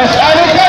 I Has anything